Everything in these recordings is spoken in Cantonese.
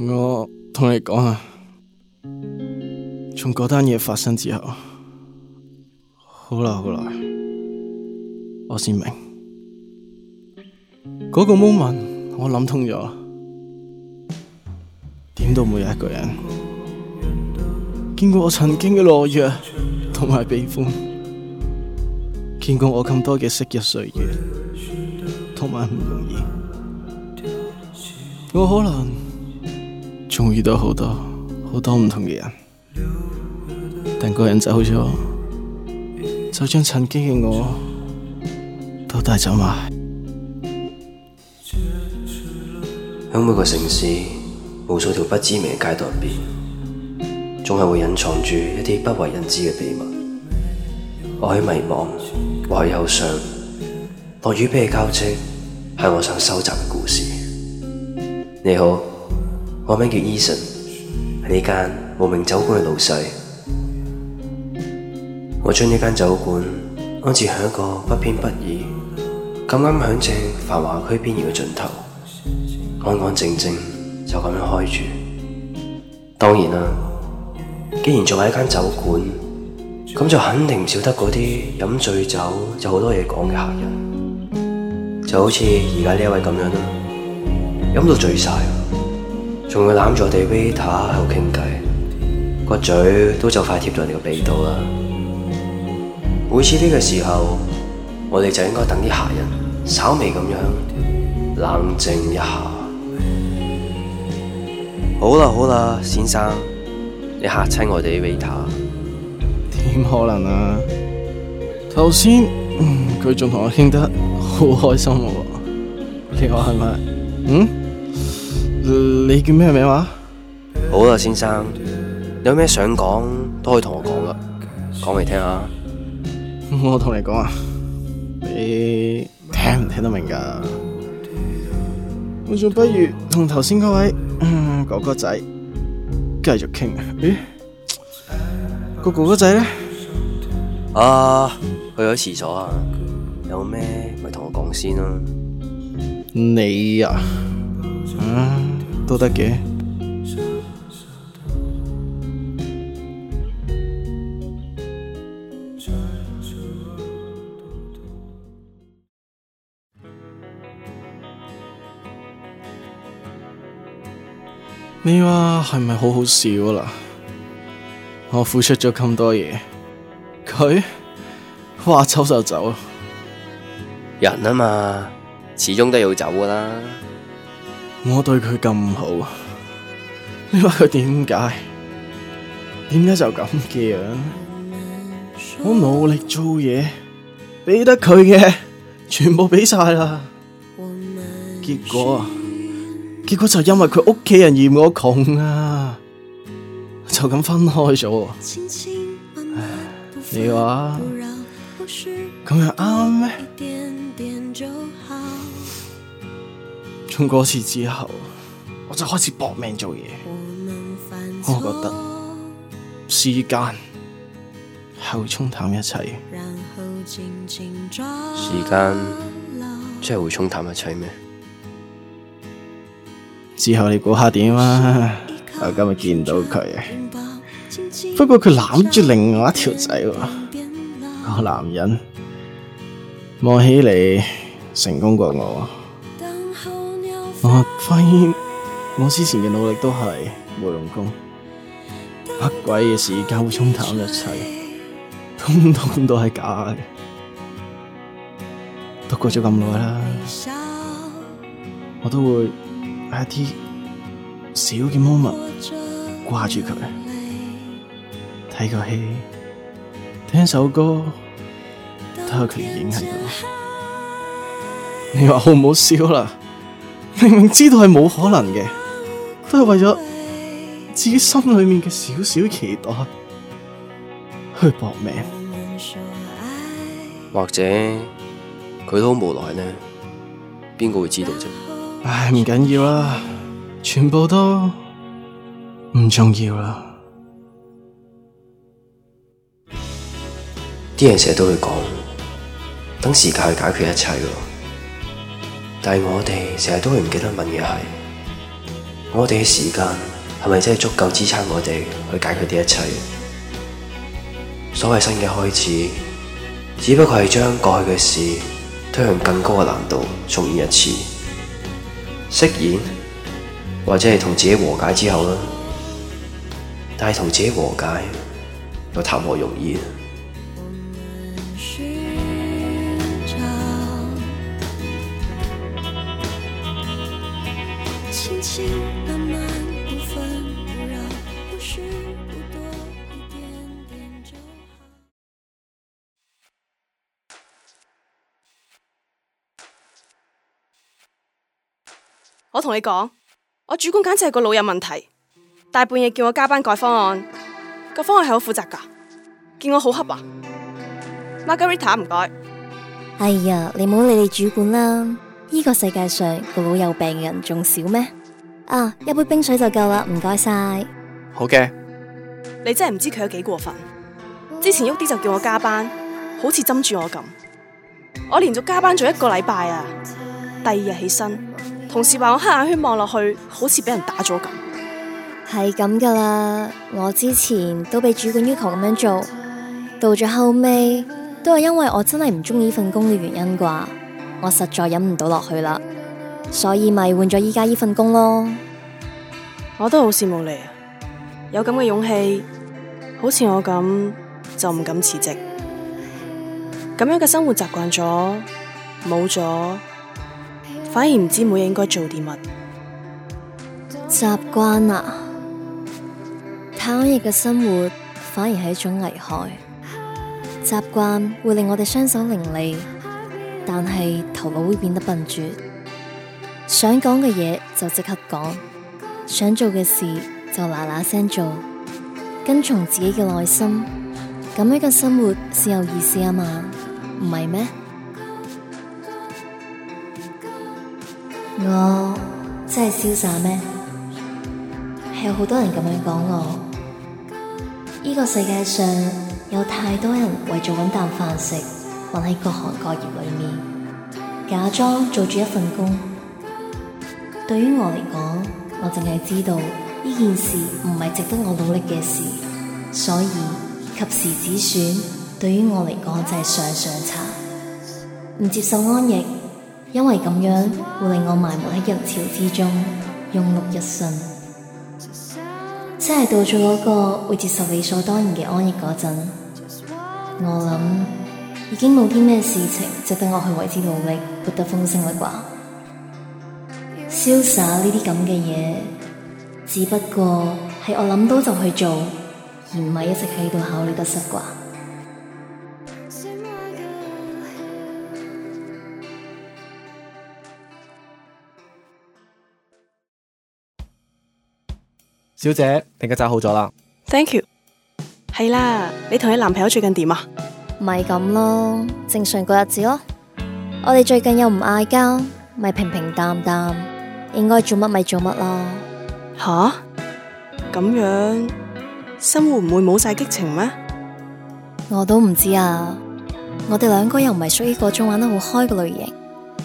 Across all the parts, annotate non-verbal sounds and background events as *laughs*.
我同你講啊，從嗰單嘢發生之後，好耐好耐，我先明嗰個 moment，我諗通咗，點都冇有一個人見過我曾經嘅懦弱同埋悲歡，見過我咁多嘅昔日歲月同埋唔容易，我可能。仲遇到好多好多唔同嘅人，但個人走咗，就將曾經嘅我都帶走埋。響每個城市，無數條不知名的街道入邊，仲係會隱藏住一啲不為人知嘅秘密。我喺迷茫，我喺憂傷，落雨天嘅交織係我想收集嘅故事。你好。我名叫 Eason，係呢間無名酒館嘅老細。我將呢間酒館安置喺一個不偏不倚、咁啱響正繁華區邊緣嘅盡頭，安安靜靜就咁樣開住。當然啦，既然做係一間酒館，咁就肯定唔少得嗰啲飲醉酒就好多嘢講嘅客人，就好似而家呢一位咁樣啦，飲到醉晒。仲要攬住我哋維塔喺度傾偈，個嘴都就快貼到你個鼻度啦！每次呢個時候，我哋就應該等啲客人稍微咁樣冷靜一下。好啦好啦，先生，你嚇親我哋維塔，點可能啊？頭先佢仲同我傾得好開心嘅喎，你話係咪？嗯？你叫咩名話？好啦，先生，有咩想講都可以同我講啦，講嚟聽下。我同你講啊，你聽唔聽得明噶？我仲不如同頭先嗰位哥哥仔繼續傾啊？咦，個哥哥仔咧？啊，去咗廁所啊？有咩咪同我講先啦。你啊？都你話係咪好好笑啊？我付出咗咁多嘢，佢話走就走，人啊嘛，始終都要走噶啦。我對佢咁好，你話佢點解？點解就咁嘅樣？我，我努力做嘢，俾得佢嘅，全部俾晒啦。結果，結果就因為佢屋企人嫌我窮啊，就咁分開咗，啊。你話咁樣啱咩？嗰次之後，我就開始搏命做嘢。我覺得時間係會沖淡一切。時間真係會沖淡一切咩？之後你估下點啊？ *laughs* 我今日見到佢，不過佢攬住另外一條仔喎、啊。個男人望起嚟成功過我。我發現我之前嘅努力都係無用功，乜鬼嘢時間會沖淡一切，通通都係假嘅。都過咗咁耐啦，我都會喺啲小嘅 moment 掛住佢，睇個戲，聽首歌，都有佢嘅影喺度。你話好唔好笑啦？明明知道係冇可能嘅，都係為咗自己心裏面嘅少少期待去搏命，或者佢都好無奈呢，邊個會知道啫？唉，唔緊要啦，全部都唔重要啦。啲人成日都去講，等時間去解決一切。但係我哋成日都係唔記得問嘅係，我哋嘅時間係咪真係足夠支撐我哋去解決呢一切？所謂新嘅開始，只不過係將過去嘅事推向更高嘅難度重演一次，飾演，或者係同自己和解之後啦。但係同自己和解又談何容易呢？我同你講，我主管簡直係個腦有問題，大半夜叫我加班改方案，個方案係好負責噶，見我好黑啊，Margarita，唔該，哎呀，你冇理你主管啦，呢個世界上個腦有病嘅人仲少咩？啊，一杯冰水就夠啦，唔該晒。好嘅，你真係唔知佢有幾過分，之前喐啲就叫我加班，好似針住我咁，我連續加班咗一個禮拜啊，第二日起身。同事話我黑眼圈望落去，好似俾人打咗咁。係咁噶啦，我之前都被主管要求咁樣做，到咗後尾都係因為我真係唔中意呢份工嘅原因啩，我實在忍唔到落去啦，所以咪換咗依家呢份工咯。 *noise* 我都好羨慕你，有咁嘅勇氣，好似我咁就唔敢辭職。咁樣嘅生活習慣咗，冇咗。反而唔知每日應該做啲乜，習慣啊！太安逸嘅生活反而係一種危害。習慣會令我哋雙手伶俐，但係頭腦會變得笨拙。想講嘅嘢就即刻講，想做嘅事就嗱嗱聲做，跟從自己嘅內心，咁樣嘅生活先有意思啊嘛，唔係咩？我真係瀟灑咩？係有好多人咁樣講我。呢、這個世界上有太多人為咗搵啖飯食，混喺各行各業裏面，假裝做住一份工。對於我嚟講，我淨係知道呢件事唔係值得我努力嘅事，所以及時止損。對於我嚟講，就係上上策，唔接受安逸。因為咁樣會令我埋沒喺人潮之中，庸碌一生。即係到咗嗰個會接受理所當然嘅安逸嗰陣，我諗已經冇啲咩事情值得我去為之努力，活得豐盛嘞啩。瀟灑呢啲咁嘅嘢，只不過係我諗到就去做，而唔係一直喺度考慮得失啩。小姐，定家紮好咗啦。Thank you。係啦，你同你男朋友最近點啊？咪咁咯，正常過日子咯。我哋最近又唔嗌交，咪平平淡淡，應該做乜咪做乜咯。吓、啊，咁樣生活唔會冇晒激情咩？我都唔知啊。我哋兩個又唔係屬於嗰種玩得好開嘅類型。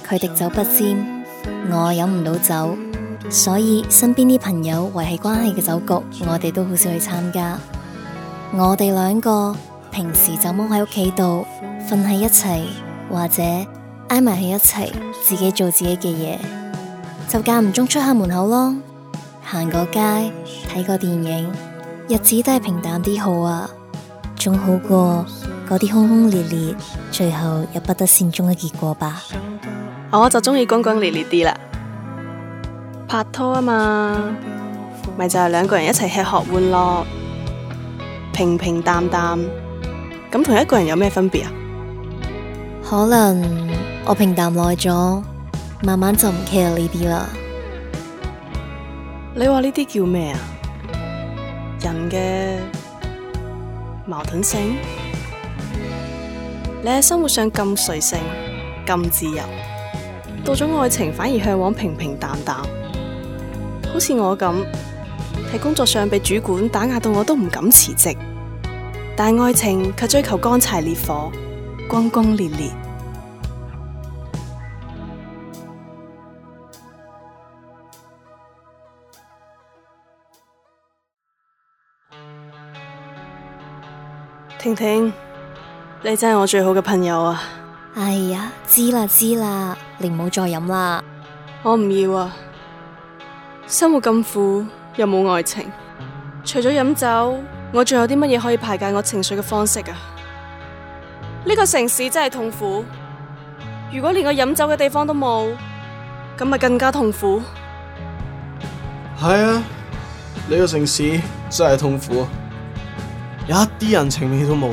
佢滴酒不沾，我飲唔到酒。所以身邊啲朋友維繫關係嘅酒局，我哋都好少去參加。我哋兩個平時就踎喺屋企度，瞓喺一齊，或者挨埋喺一齊，自己做自己嘅嘢，就間唔中出下門口咯，行個街，睇個電影，日子都係平淡啲好啊，仲好過嗰啲轟轟烈烈，最後又不得善終嘅結果吧。我就鍾意轟轟烈烈啲啦。拍拖啊嘛，咪就係兩個人一齊吃喝玩樂，平平淡淡，咁同一個人有咩分別啊？可能我平淡耐咗，慢慢就唔 care 呢啲啦。你話呢啲叫咩啊？人嘅矛盾性，你喺生活上咁隨性、咁自由，到咗愛情反而向往平平淡淡。好似我咁喺工作上被主管打壓到我都唔敢辭職，但係愛情卻追求乾柴烈火，轟轟烈烈。婷婷，你真係我最好嘅朋友啊！哎呀，知啦知啦，你唔好再飲啦，我唔要啊。生活咁苦又冇愛情，除咗飲酒，我仲有啲乜嘢可以排解我情緒嘅方式啊？呢個城市真係痛苦，如果連我飲酒嘅地方都冇，咁咪更加痛苦。係 *noise* 啊，呢個城市真係痛苦，有一啲人情味都冇。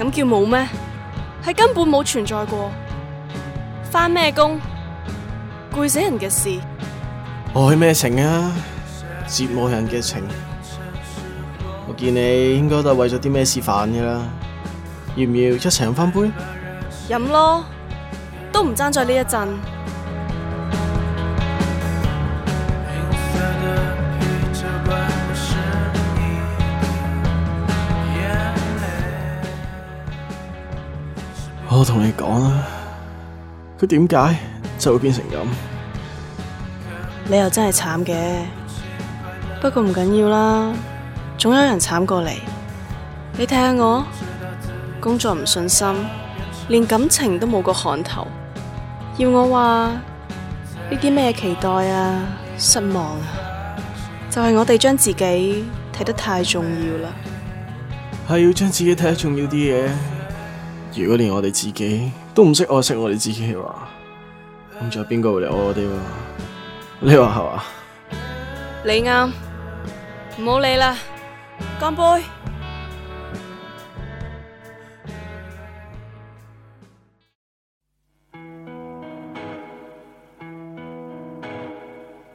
咁叫冇咩？係根本冇存在過。返咩工？攰死人嘅事。我去咩情啊？折磨人嘅情，我見你應該都係為咗啲咩事煩噶啦，要唔要一齊飲翻杯？飲咯，都唔爭在呢一陣。我同你講啦，佢點解就會變成咁？你又真係慘嘅，不過唔緊要啦，總有人慘過嚟。你睇下我，工作唔順心，連感情都冇個看頭。要我話呢啲咩期待啊、失望啊，就係、是、我哋將自己睇得太重要啦。係要將自己睇得重要啲嘅。如果連我哋自己都唔識愛惜我哋自己嘅話，咁仲有邊個會嚟愛我哋？你話係嘛？你啱，唔好理啦，乾杯！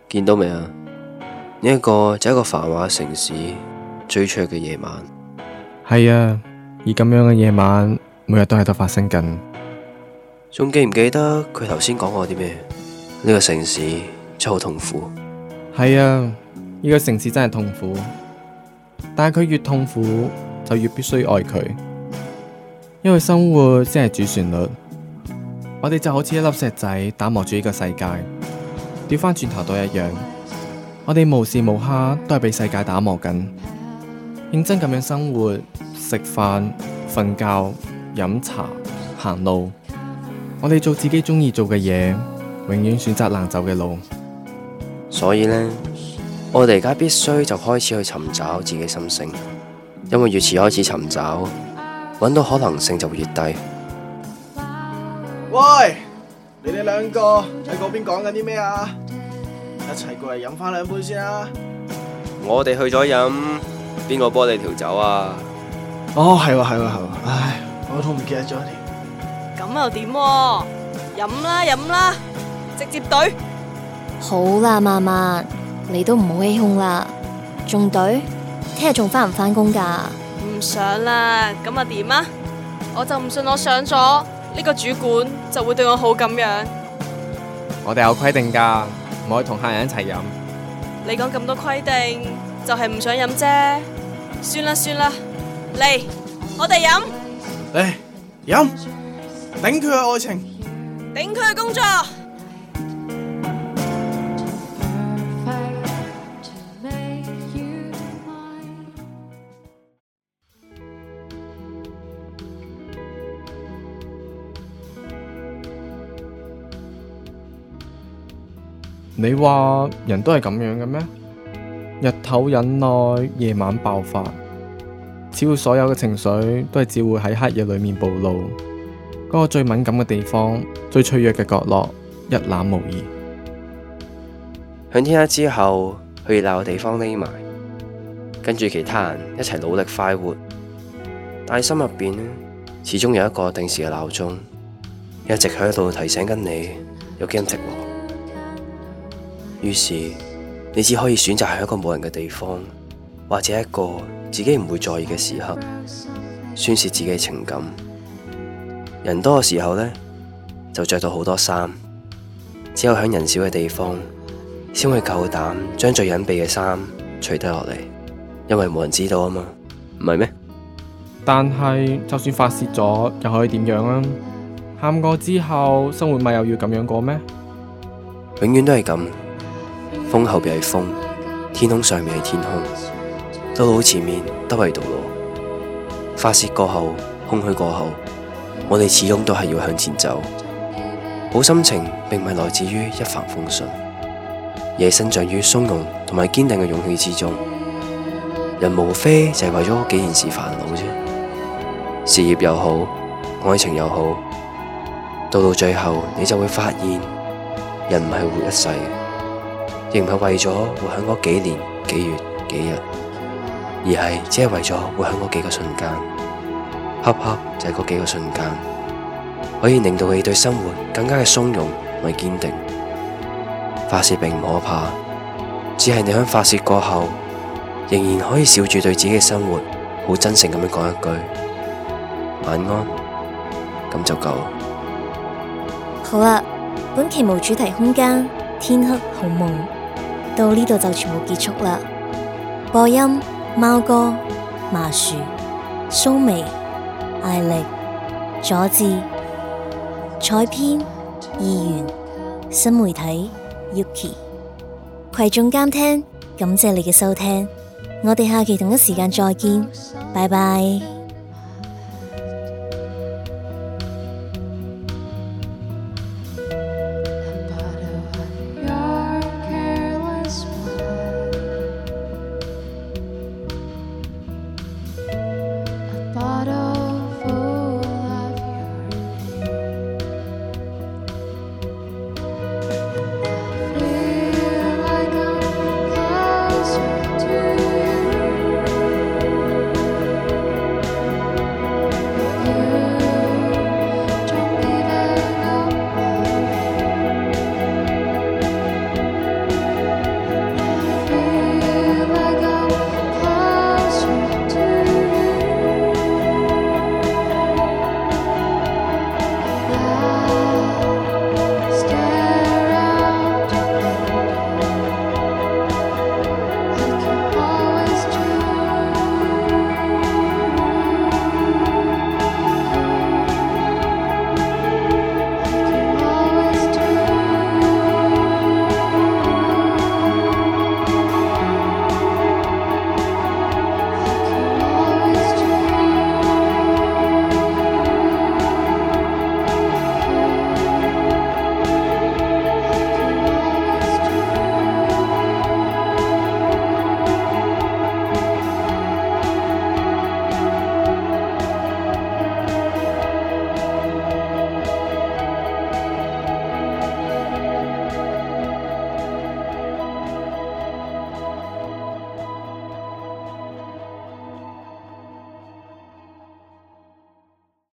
見到未啊？呢、這、一個就係一個繁華城市最卓嘅夜晚。係啊，而咁樣嘅夜晚每日都喺度發生緊。仲記唔記得佢頭先講過啲咩？呢、這個城市。好痛苦，係 *music* 啊！呢個城市真係痛苦，但係佢越痛苦就越必須愛佢，因為生活先係主旋律。我哋就好似一粒石仔打磨住呢個世界，調翻轉頭都一樣。我哋無時無刻都係被世界打磨緊，認真咁樣生活，食飯、瞓覺、飲茶、行路，我哋做自己中意做嘅嘢，永遠選擇難走嘅路。所以呢，我哋而家必須就開始去尋找自己心聲，因為越遲開始尋找，揾到可能性就越低。喂，你哋兩個喺嗰邊講緊啲咩啊？一齊過嚟飲翻兩杯先啊！我哋去咗飲，邊個幫你調酒啊？哦，係喎、啊，係喎、啊，係喎、啊，唉，我都唔記得咗添。咁又點？飲啦，飲啦，直接懟！好啦，嫲嫲，你都唔好起胸啦。仲隊，聽日仲翻唔翻工噶？唔想啦，咁啊點啊？我就唔信我上咗呢個主管就會對我好咁樣。我哋有規定噶，唔可以同客人一齊飲。你講咁多規定，就係唔想飲啫。算啦算啦，嚟，我哋飲。嚟飲，頂佢嘅愛情，頂佢嘅工作。你話人都係咁樣嘅咩？日頭忍耐，夜晚爆發，似乎所有嘅情緒都係只會喺黑夜裏面暴露，嗰、那個最敏感嘅地方、最脆弱嘅角落一覽無遺。響天黑之後去熱鬧嘅地方匿埋，跟住其他人一齊努力快活，但係心入邊始終有一個定時嘅鬧鐘，一直喺度提醒緊你，有幾寂寞。於是你只可以選擇喺一個冇人嘅地方，或者一個自己唔會在意嘅時刻宣泄自己嘅情感。人多嘅時候呢，就着到好多衫，只有喺人少嘅地方先可以夠膽將最隱蔽嘅衫除低落嚟，因為冇人知道啊嘛，唔係咩？但係就算發泄咗，又可以點樣啊？喊過之後，生活咪又要咁樣過咩？永遠都係咁。風後面係風，天空上面係天空，道路前面都係道路。發泄過後，空虛過後，我哋始終都係要向前走。好心情並唔係來自於一帆風順，也生長於從容同埋堅定嘅勇氣之中。人無非就係為咗幾件事煩惱啫，事業又好，愛情又好，到到最後你就會發現，人唔係活一世仍唔係為咗活喺嗰幾年、幾月、幾日，而係只係為咗活喺嗰幾個瞬間。恰恰就係嗰幾個瞬間，可以令到你對生活更加嘅鬆容同埋堅定。發洩並唔可怕，只係你喺發洩過後，仍然可以笑住對自己嘅生活好真誠咁樣講一句晚安，咁就夠了。好啊，本期無主題空間，天黑好夢。到呢度就全部結束啦！播音貓哥、麻薯、蘇眉、艾力、佐治、採編議員、新媒體 Yuki，群眾監聽，感謝你嘅收聽，我哋下期同一時間再見，拜拜。